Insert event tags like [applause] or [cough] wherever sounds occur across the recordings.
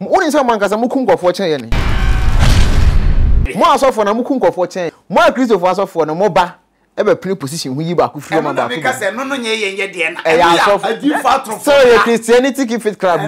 wone sɛ moankasa moku nkɔfoɔ kyɛn yɛ ne mo asɔfoɔ na moku nkɔfoɔ kyɛn mo a kristofoɔ asɔfoɔ no moba ɛbɛpene position ho yi baako firi ɔma baako bi ɛyɛ asɔfo sɛ ɔyɛ christianity keep it club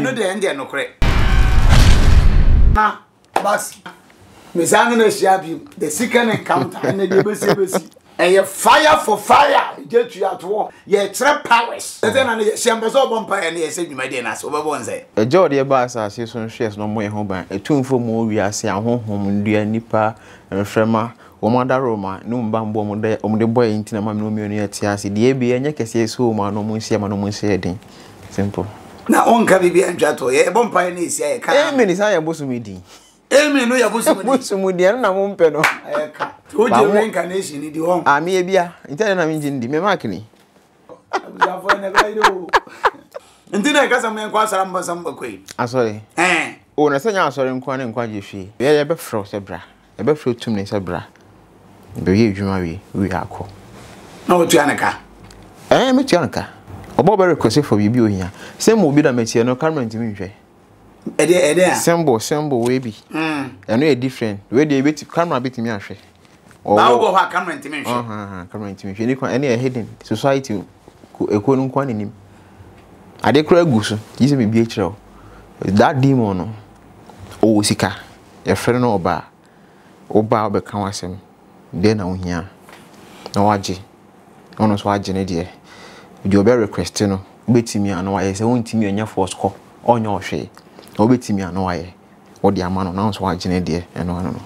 mesane no ahyia bio the second encounter ɛnɛ deɛ bɛsi bɛsi ɛyɛ fire for fire gye tu atoɔ yɛkyerɛ powers ɛsɛ na hyɛ mpɛ sɛ ɔbɔ mpa yɛ ne yɛsɛ dwumadeɛ no ase wobɛbɔ nsɛ ɛgya ɔdeɛ ba asase so nhwɛ so na ɔmmɔ yɛ ho ban ɛtumfo mu ɔwiase ahohom ndua nnipa mfrɛma wɔn adaro ma ne wɔn ba mbɔ wɔn dɛ wɔn de bɔ yɛn ti na maame wɔn mmienu yɛ te ase deɛ bi ɛnyɛ kɛseɛ so wɔn ma na wɔn nhyia ma na wɔn nhyia den simple. na ɔnka bibi antwa to yɛ ɛbɔ mpa yɛ ne esi ayɛ kaa. ɛɛ eh, mbɛnisa yɛ bosom yi e din. emi no yɛ bosomu di di na mu no. ɛka o jɛ reincarnation di wɔn. ami ah, ebia nti na mi ji ndi mɛ maaki ni. abusafo ɛna ɛbɛ yi o. nti na ɛkasa mu yɛn asara mbɔ sanu bako na nya nkwa ne nkwa ji fi. bra tum ne bra wi wi na o ka. Eh, mi ohia mo obi na no ɛde ɛde a symbol symbol wei bi mm. ɛno yɛ different wei deɛ ebi camera bi tumi ahwɛ. báwo bɔ hɔ a camera ntumi nhwɛ. camera ntumi nhwɛ ɛni kwan ɛni yɛ hidden society ekuo no nkwan n'anim ade kura egu so yi sɛ biribi akyerɛ o that demon no ɔwɔ sika yɛfrɛ no ɔbaa ɔbaa ɔbɛka ho asɛm deɛ na ohia na wagye ɔno nso agye ne deɛ deɛ ɔbɛ request no wobɛtumi a na wayɛ sɛ wontumi ɔnyɛ force kɔ ɔnyɛ ɔhwee na wobɛtumi ano ayɛ wɔde ama no na nso wagyene deɛ ɛno ano no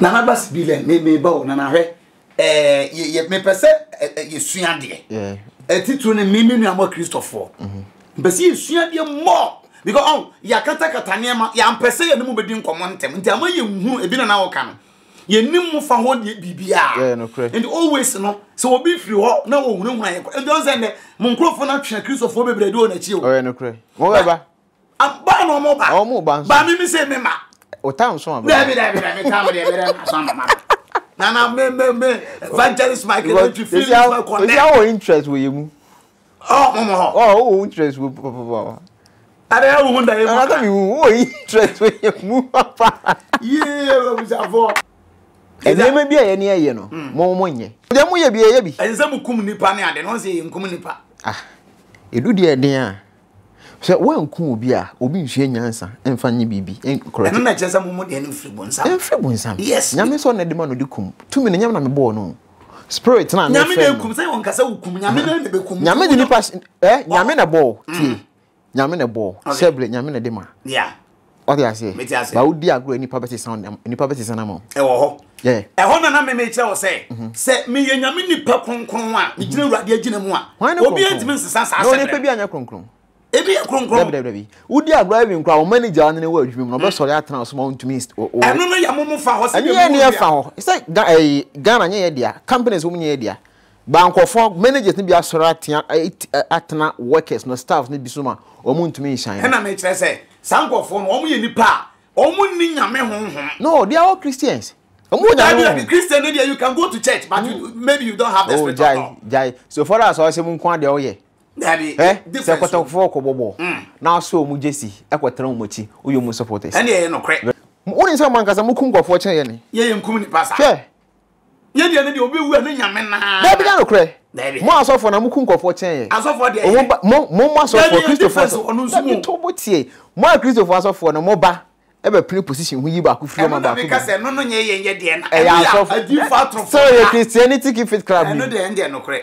na maba si bi lɛ meba o nana hwɛ mepɛ sɛ yɛsua deɛ atitiri no me me nuamɔ kristofoɔ mpɛ mhm. sɛ yɛsua deɛ mmɔɔ because ɔn yɛakatakata nneɛma yɛampɛ sɛ yɛne mu bɛdi nkɔmmɔ ntɛm nti ama yɛnhunu ebi nana wɔ ka no yɛnim mu fa hɔ deɛ biribiaa nti always no sɛ obi firi hɔ na wɔhunahuna yɛ kɔ ɛnti ɔn sɛ nnɛ mo nkurɔfoɔ no atwena kristofoɔ bebree de wɔ n'akyi o ba na ɔmo ba ɔmo ba nso ba mi mi se mi ma o ta nso ma bɛrɛ dɛbi dɛbi dɛbi ta mo de bɛrɛ ma sɔn ma ma nana me me me evangelist michael oju feelings were connect. esi awo interest wo ye mu. ɔ oh, mo mo hɔ. ɔ o interest wo papa. ada ya wuhun da ye mu. ɔnata mi wuhun o interest wo ye mu papa. yee ɔbusafo. ɛnìyɛmɛ e bi a yɛ ni ɛyɛ no hmm. mo mo nyɛ. ɔjɛ mu yɛ bi yɛ bi. ɛnsɛn mu kum nipa ni adi n'o se nkum nipa. ah edu deɛ den a sɛ wɔnku obi a obi nhwie nyansa mfa nye biribi nkorɔ ɛno na kyerɛ sɛ momu deɛ no mfiri bonsam mfiri bonsam yes nyame sɛ ɔna de ma no kum tumi ni nyame na mebɔɔ no spirit na ne fɛ nyame na ekum sɛ wɔn kasa wokum nyame na ne kum nyame de nipa ɛ nyame na bɔɔ mm. tie nyame na bɔɔ sɛbile nyame na de ma yeah ɔde aseɛ ba wodi agorɔ nipa bɛte san nipa bɛte san ama ɛwɔ hɔ ɛhɔ nana mɛmɛ kyerɛ wɔ sɛ mhm. sɛ meyɛ nyame nipa kronkron a megyina awurade agyina mu a obi antimi nsesa saa sɛbrɛ na onipa bi anyɛ kronkron ebi yɛ kronkron. dabi dabi dabi wudi agorɔ bi nkura wɔn manager wa nene wɔ adwuma mu na ɔbɛsɔre mm. atena ɔsoma ntumi o. ɛnu no yɛ mumu fa hɔ sɛ ɛmu yɛ fa hɔ sɛ ɛyi ghana nyɛ yɛ dea companies wɔn nyɛ yɛ dea bankɔfo managers ni bi asɔre atena atena workers na staff ni bi so ma wɔn ntumi nhyɛn. ɛna mi kyerɛ sɛ sankɔfo no wɔn yɛ nipa a wɔn ni nyame honhom. no they are all christians. Um, oh, that means like Christian, you can go to church, but mm. you, maybe you don't have oh, the oh, spirit jai, of God. Jai. So far as I say, Munkwande, oh yeah ɛ eh? sɛ kɔtɔfoɔ kɔ bɔbɔ na asɔ ɔmu jesi ɛkɔtena ɔmu akyi woyɛ ɔmu supporters ɛne ɛyɛ nɔkorɛ wone sɛ mankasa mokum nkɔfoɔ kyɛn yɛ ne yɛyɛ nkum nipa sa hwɛ yɛdeɛ no deɛ wobɛwu a ne nyame naa daabi da nokorɛ mo asɔfoɔ na mokum nkɔfoɔ kyɛn yɛ asɔfoɔ deɛ mo asɔfoɔ kristofoɔ to bo tie mo a kristofoɔ asɔfoɔ no moba ɛbɛ pili position ho yi baako firi ɔma baako bi ɛyɛ asɔfoɔ sɛ ɔyɛ christianity fit club ɛno deɛ ɛndeɛ nokorɛ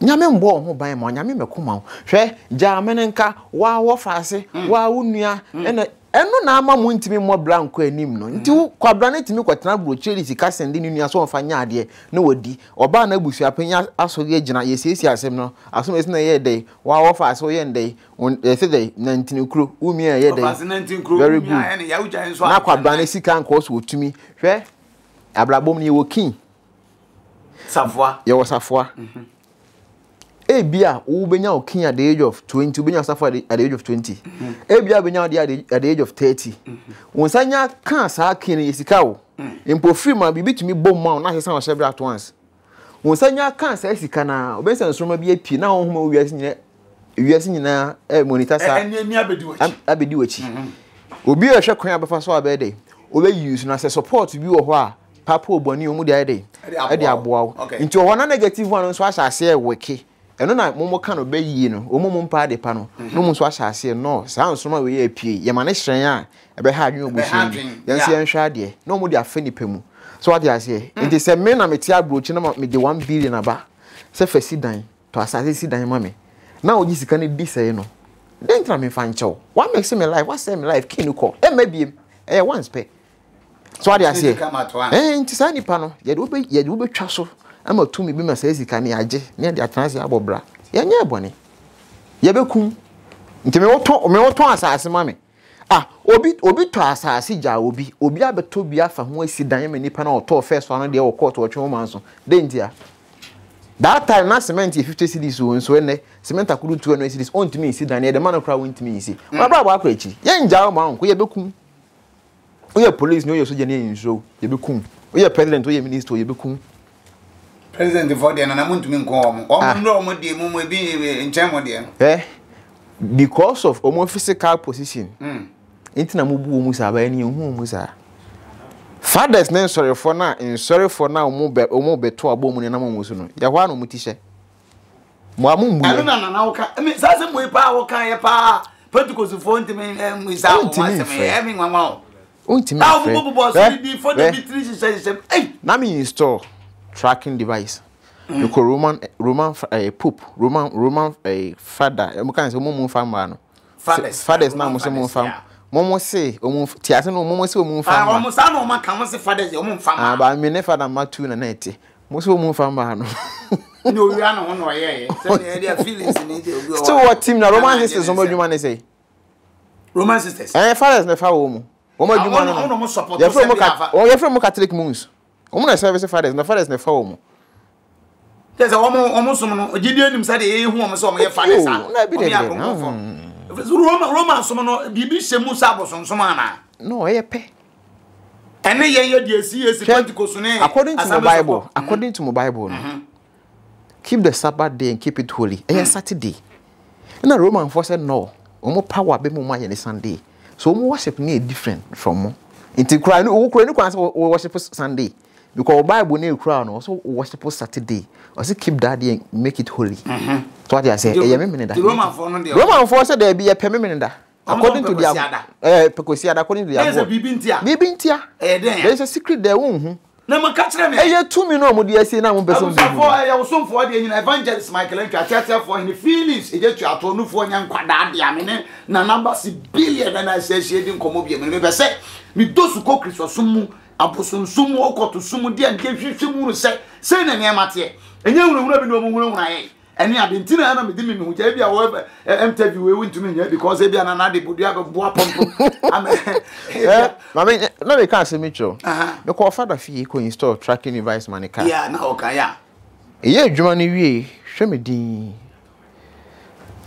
nyame mbɔ ɔho ban ma nyame mɛkoma wo hwɛ gyaamene nka waa wɔfa ase mm. waa wo nua mm. ɛna ɛno na ama mo ntumi mmɔ bra nkɔ anim no nti wo mm. kwabra no tumi kɔtena burokyire de sika sɛnde ne nua so ɔmfa nyɛ adeɛ na wadi ɔbaa no abusuapɛnya asɔre agyina yɛsiesie asɛm no asom ɛsi na ɛyɛ dɛn waa wɔfa woyɛ ndɛn ɛsɛ dɛn nantini kuro womia ɛyɛ dɛn very good na kwabra no sika nkɔɔ so wɔtumi hwɛ abrabɔ no yɛwɔ kin safoa yɛwɔ safoa mm -hmm. ebi eh, a wobɛnya wo king at the age of 20 wobɛnya safo at the age of 20 ebi a wobɛnya wode at the age of 30 wo mm-hmm. nsa nya kaa saa king no yɛsika wo mm. mpofiri ma biribi tumi bɔ mu a wo na ahyɛ sɛ wɔhyɛ berɛ ato ans wo nsa nya kaa saa sika no a wobɛnya sɛ nsoroma bi apue na wohoma wo wiase nyinaa wiase nyinaa ɛ monita saa abɛdi w'akyi obi a ɛhwɛ kwan a bɛfa so a bɛyɛ dɛ wobɛyi so na sɛ support bi wɔ hɔ a papa obɔne ɔmu de ayɛ dɛ ɛde aboa wo nti ɔhɔ na negative one nso ahyɛ aseɛ ɛwɔke e ɛno na momo ka no bɛyie no ɔmo mo mpa adepa no mhm. na ɔmo nso ahyɛ aseɛ no saa nsoroma wei yɛ apue yɛma ne hyerɛn a ɛbɛha adwene ɔbusua mu yɛn nso yɛnhwɛ adeɛ na ɔmo de afa nipa mu so wate aseɛ mm. nti sɛ me na mete aburokyi na mede one billion aba sɛ fɛ si dan to asase si dan ma me na ɔgye sika no di sɛe no den tena mefa nkyɛw wamɛse me life wasɛ me life kii no kɔ ɛmma biem ɛyɛ once pɛ so wate aseɛ nti saa nipa no yɛde wobɛtwa so ama tumi bi ma saa sika ne agye ne de atena ase abɔ bra yɛnyɛ bɔne yɛbɛkum nti mewɔtɔ mewɔtɔ asase ma me ah obi obi tɔ asase gya obi obi abɛtɔ bi afa ho asi dan ma nipa na ɔtɔ fɛ so ano deɛ wɔkɔɔ tɔ ɔtwe wɔn nso de ntia that time na cement yɛ fifty cedis wɔ nsuo nnɛ cement akuru two hundred cedis ɔntumi nsi dan yɛ dɛm ano kora ɔntumi nsi mm. wɔn abɛrɛ abɔ akɔ akyiri yɛn gya ɔmo anko yɛbɛkum oyɛ police ni oyɛ soja ni yɛ nsuo yɛbɛkum oyɛ president oyɛ minister yɛbɛkum president fɔ deɛ nana muntumi ah. nkɔ wɔn wɔn nnura wɔn deɛ mu mu ebi nkyɛn mu deɛ. Eh? ɛ because of wɔn physical position. nti hmm. na mo bu wɔn saa abayɛ ni ehu wɔn saa fathers ne nsɔrefoɔ na nsɔrefoɔ na wɔn bɛ wɔn bɛ to abɔ mu ne nam so no yɛhɔ ano mo ti hyɛ mo amu mu yɛ. ɛnu na nana woka ɛmi saa sɛ mo yi paa woka yɛ paa pentikosifoɔ ntumi ɛmu eh, isa wɔn asɛm ɛmi nwanwa o. ntumi nfɛ ɛ ɛ na mi install tracking device yɛkɔ roman roman uh, pope roman roman uh, father ɛmu eh, ah, ah, kan sɛ ɔmo mu nfa mmaa no fathers na ɔmo sɛ ɔmo nfa ɔmo se ɔmo ti ase no ɔmo se ɔmo Ah, mmaa ɔmo saa na ɔmo aka ɔmo se fathers ɔmo nfa mmaa aba mi ne father mma tu na na ɛte ɔmo se ɔmo nfa mmaa no. ní owurra na wọn na ɔyɛ yɛ sɛ ɛyɛ deɛ feelings ni de obi ɔwɔ still wɔ team na roman sisters ɔmo adwuma ne sɛ. roman sisters. ɛɛ fathers na fa wɔ mu ɔmo adwuma no yɛfrɛ mu catholic moons. Omo na ɛsɛbɛsɛ fathers na fathers na ɛfa wɔn kyɛ se omo omo som no gyidi anim sɛ deɛ ɛyɛ eh, hu wɔn sɛ wɔn yɛ fathers na wɔn yɛ akɔnkɔfo roma roma som no biribi hyɛ mu sɛ abosonsom ana. no ɛyɛ pe. ɛne yɛn ye deɛ si yɛ si pentikos ne according to mo bible according to mo bible no mhm. keep the sabbath day and keep it holy ɛyɛ mm. saturday ɛna roman fo sɛ no omo power bɛ mu wɔn ayɛ ne sunday so omo worship ne yɛ different from mo nti kura ne wɔn kura ne kwan sɛ worship sunday because bible ne ekura no so worship saturday say keep that day and make it holy. Mm-hmm. so what eh, they eh, say ɛyɛ mímìnì da roman fɔ no de roman fɔ sɛ dɛbi ɛpɛ mímìnì according to their ɛɛ pɛkɔsiada according to the. word ɛyɛ sɛ bibi ntia bibi ntia ɛyɛ eh, dɛn yɛ ɛyɛ sɛ secret dɛ wohun na mo ka kyerɛ me two tumi na ɔmo de ɛsi na mo pɛ sɛ ɔmo bibi ɛyɛ wosomfoɔ for nyina evangelist michael ntwa tiatiafoɔ hene philips ɛyɛ twa atɔnufoɔ nya nkwadaa de ame ne na namba si billion na na ɛsɛ ɛhyɛ di nkɔmɔ bi ɛmɛ mɛ pɛ sɛ mi do sukɔ kristu ɔsom mu abosonsom ɔkɔto som deɛndeɛ hwehwɛ mu no sɛ sei na nneɛma teɛ ɛnyɛ hunahuna bi na ɔmu hunahuna yɛ ɛne ade nti na ɛna mede mimi ho ebi a wɔ ɛmtɛvi wɔ ewu nyɛ because ebi ana n'ade bu dua bɛboa pɔmpɔ ama na [laughs] eh, eh, mi asɛm itwɛw mekɔ ɔfada fie kɔ install tracking device ma ne kaa ya na ɔka ya ɛyɛ adwuma no wie hwɛ me din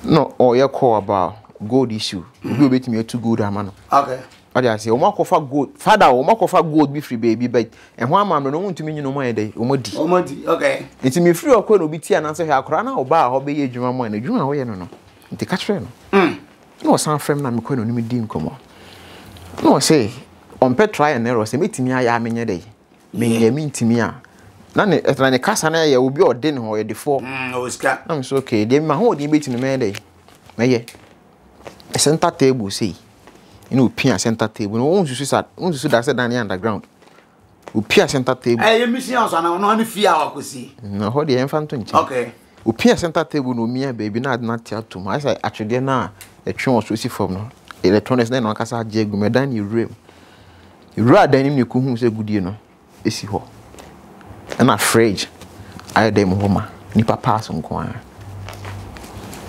na ɔyɛ call about gold issue obi mhm. obetumi atu gold ama no. okay. ɔde ase wɔn akɔfa gold fada wɔn akɔfa gold bi beebi ɛho no ntumi nyina ayɛ dɛ di di na obi ti anaasɛ hwɛ akɔra na ɔbaa hɔ bɛyɛ adwuma mu a na adwuma a no no nti no mm. na ɔsan fɛm na mi kɔ na onim di nkɔmɔ na ɔmpɛ try na ne ɛtena ne kasa na yɛ obi ɔde ne fo mm, na mi deɛ mi ma ho You ɛna opia center table na wɔn nsusu sa wɔn nsusu da sɛ dan yɛ underground opia center table. Hey, eh, you ɛyɛ mission house ana ɔno ɔne fie a wakosi. na hɔ deɛ yɛmfa nto nkyɛn. okay. opia center table na omia baby, na adi not te ato much. I sɛ actually, na ɛtwe wɔn so si from no electronics na ɛna ɔkasa agye egu mu ɛdan room. You mu ewura dan nim na eku hu sɛ gudie no esi hɔ ɛna fridge ayɛ dan mu hɔ ma nipa pass nko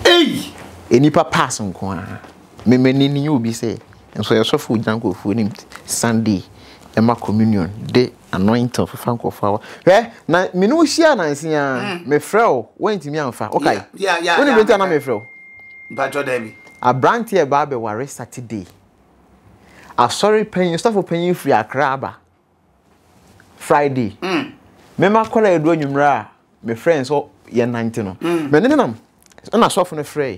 Hey, eyi. enipa pass nko ara mɛmɛ ni ni you be say nso yɛsɔfo gyina nkɔfoɔ anim sunday ɛma communion de anointing. of fa nkɔfoɔ awa hwɛ eh, na mene mm. wo hyia nanse a mefrɛ wo woantumi amfa wokae wone bɛnti ana mefrɛ wo mpatwɔ da bi aberanteɛ ɛbaa bɛware saturday asɔre panyin sɔfo panyin firi akra aba friday mm. mema kɔla ɛdu anwummerɛ a me friends oh, yɛ nante no oh. mɛne mm. nenam ɛna sɔfo no frɛ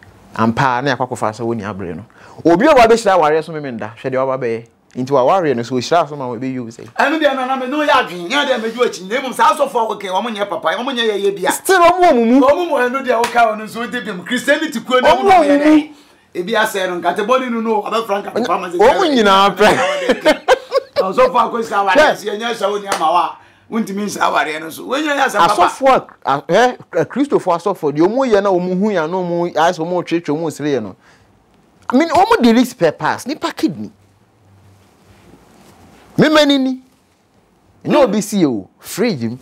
ampa na yakwakofa sɛ wɔni abere no obi a wabɛhyira awareɛ so memenda hwɛ deɛ wababɛyɛ nti wawareɛ no sɛ ɔhyira so ma wɔbɛyi wo sɛ ɛno deɛ nana me ne ɔyɛ adwen yɛ deɛ mɛdwu akyi na mmom saa asɔfoɔ a wɔkɛ wɔm nyɛ papa wɔm nyɛ yɛyɛ bia still ɔmo wɔ mu mu ɔmo wɔ ɛno deɛ woka wɔ no nso wode bim christianity kuo no mu no yɛ ebi asɛ no nkatebɔne no no ɔbɛfra nkatepama sɛ ɔmo nyinaa pɛ [laughs] ɔsɔfoɔ akɔsi awareɛ sɛ yɛnyɛ hyɛ wo nneɛma wɔ a wontumi nsa awareɛ no so wɔnyina yɛ asɛm asɔfoɔ ɛ kristofoɔ asɔfoɔ deɛ ɔmo yɛ na ɔmo hu yɛ i mean ɔmo delete spare parts nipa kidney mímẹ́ni ni ní òbí sí o fíríjì mu.